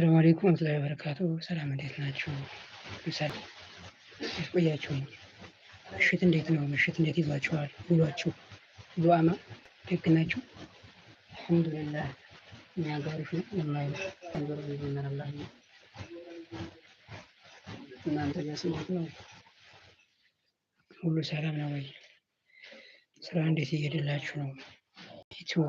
አሰላሙ አለይኩም ወራህመቱላሂ ወበረካቱ። ሰላም እንዴት ናችሁ? ምሳሌ ቆያችሁኝ። ምሽት እንዴት ነው? ምሽት እንዴት ይዟችኋል? ውሏችሁ ሁሉ ደግ ናችሁ? አልሐምዱሊላህ እኛ ጋር አሪፍ ነው። ወላሂ ነገር ብዙ እናንተ ጋር ስሞት ነው ሁሉ ሰላም ነው ወይ? ስራ እንዴት እየሄደላችሁ ነው? ዩቲዩብ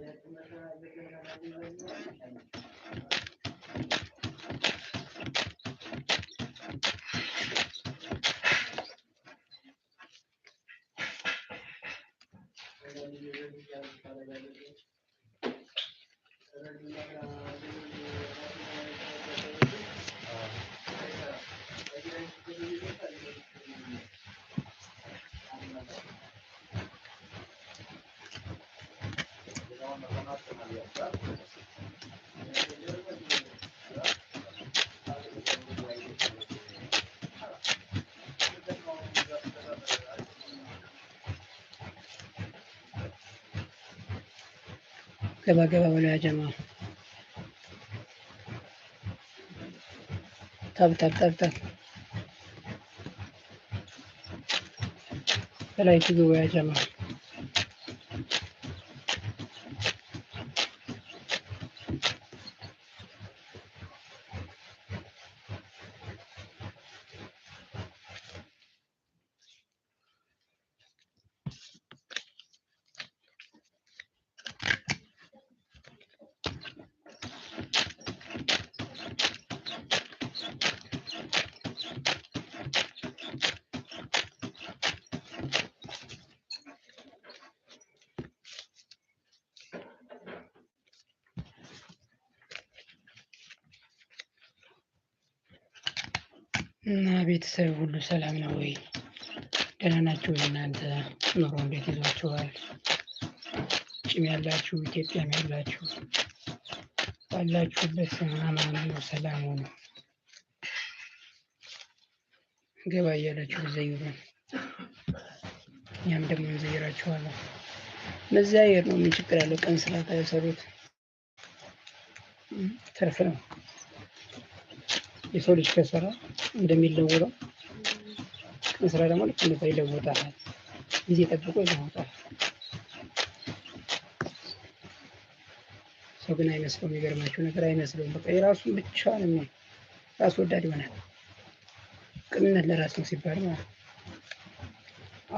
Y es كما كما ولا جماعة طب طب طب طب فلا يتقوا يا جماعه እና ቤተሰብ ሁሉ ሰላም ነው ወይ? ደህና ናችሁ? እናንተ ኑሮ እንዴት ይዟችኋል? ጭም ያላችሁ ኢትዮጵያም ያላችሁ ባላችሁበት አማን ነው ሰላም ሆኑ። ገባ እያላችሁ ዘይሩን፣ እኛም ደግሞ እንዘይራችኋለን። መዘያየር ነው፣ ምን ችግር አለው? ቀን ስራ ከሰሩት ትርፍ ነው። የሰው ልጅ ከስራ እንደሚለወጠው ከስራ ደግሞ ልክ እንደዛ ይለወጣል። ጊዜ ጠብቆ ይለወጣል። ሰው ግን አይመስለውም። የሚገርማቸው ነገር አይመስለውም። በቃ የራሱን ብቻ ነው፣ ራስ ወዳድ ይሆናል። ቅንነት ለራስ ነው ሲባል ማለት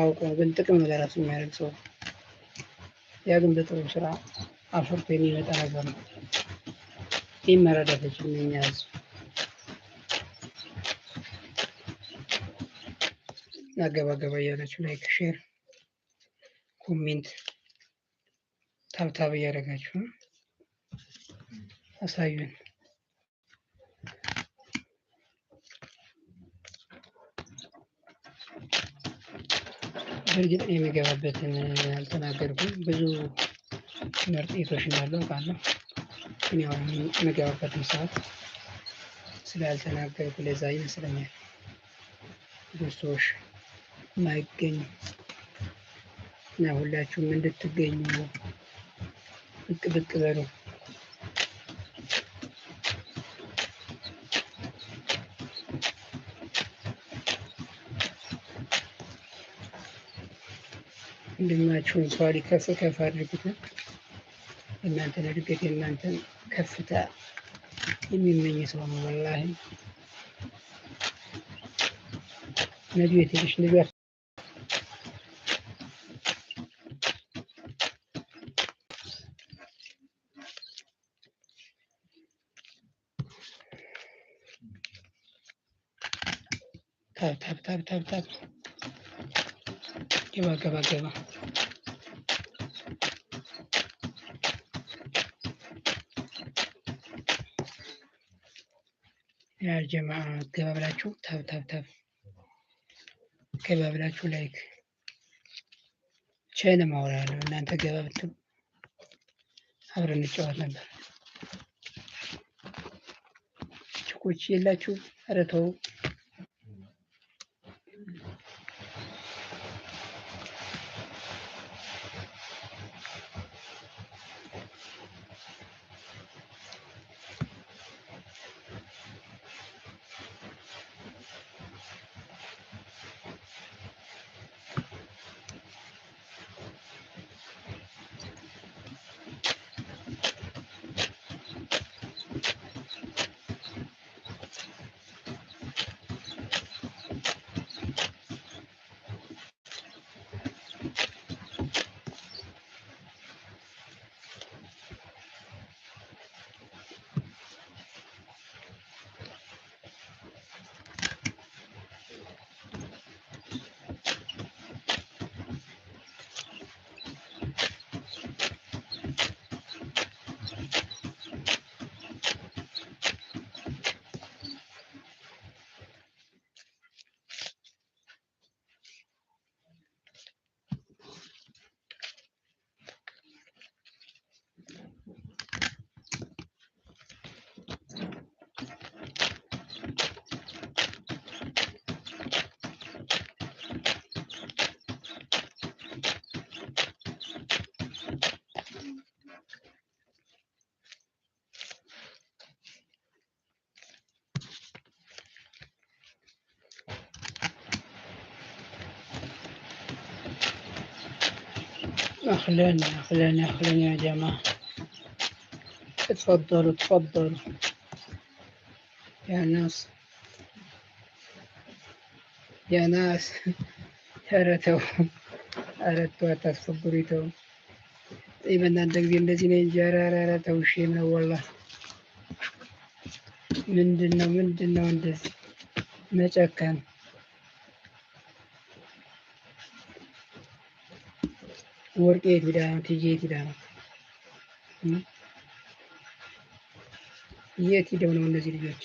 አውቆ ግን ጥቅም ነው ለራሱ የሚያደርግ ሰው። ያ ግን በጥሩ ስራ አፍርቶ የሚመጣ ነገር ነው። ይህ መረዳት እኛ ህዝብ አገባገባ እያላችሁ ላይክ፣ ሼር፣ ኮሜንት ታብታብ እያደረጋችሁ ነው። አሳዩን። በእርግጥ የሚገባበትን አልተናገርኩም። ብዙ ምርጥ ቤቶች እንዳለው አውቃለሁ፣ ግን ያው የሚገባበትን ሰዓት ስላልተናገርኩ ለዛ ይመስለኛል ብዙ ሰዎች ማይገኝ እና ሁላችሁም እንድትገኙ ብቅ ብቅ በሉ። ወንድማችሁን ሰው ከፍ ከፍ አድርጉት። እናንተ እድገት የእናንተን ከፍታ የሚመኝ ሰው ነው። ወላሂ ነቢዩ ትንሽ ልጇ ታብ ታብ ታብ ታብ ታብ ገባ ገባ ገባ ጀማ ገባ ብላችሁ ታብ ታብ ታብ ገባ ብላችሁ ላይክ ቻይና ማውራለሁ እናንተ ገባ ብትሉ አብረን እንጫወት ነበር። ችኮች የላችሁ ረተው أهلين أهلين أهلين يا جماعة اتفضلوا اتفضلوا يا ناس يا ناس هرتوا هرتوا تفضلوا إيه من عندك دي الذين يجارا هرتوا شينا والله من دنا من دنا من دنا ما መጨከን ወርቄ የት ሄዳ ነው? ትዬ የት ሄዳ ነው? የት ሄደው ነው እነዚህ ልጆች?